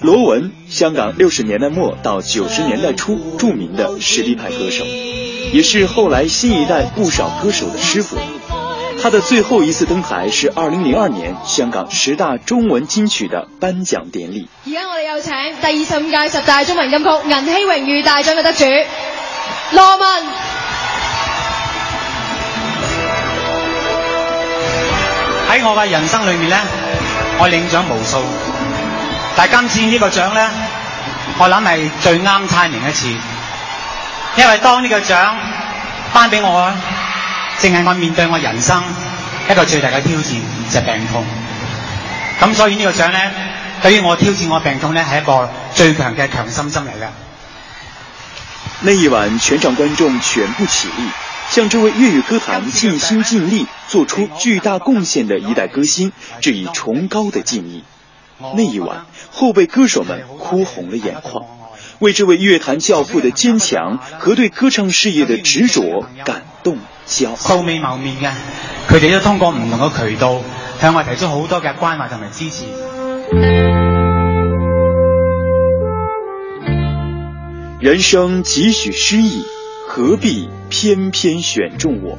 羅文，香港六十年代末到九十年代初著名的實力派歌手，也是後來新一代不少歌手的師傅。他的最後一次登台是二零零二年香港十大中文金曲的頒獎典禮。而家我哋有請第二十五屆十大中文金曲銀禧榮譽大獎嘅得主羅文。喺我嘅人生裏面呢，我領獎無數。但今次呢個獎咧，我諗係最啱猜明一次，因為當呢個獎頒俾我，正係我面對我人生一個最大嘅挑戰，就係病痛。咁所以呢個獎咧，對於我挑戰我病痛咧，係一個最強嘅強心針嚟嘅。呢一晚，全場觀眾全部起立，向這位粵語歌壇盡心盡力做出巨大貢獻的一代歌星，致以崇高的敬意。那一晚，後輩歌手們哭紅了眼眶，為這位樂壇教父的堅強和對歌唱事業的執着感動驕傲。素未謀面嘅，佢哋都通過唔同嘅渠道向我提出好多嘅關懷同埋支持。人生幾許失意，何必偏偏選中我？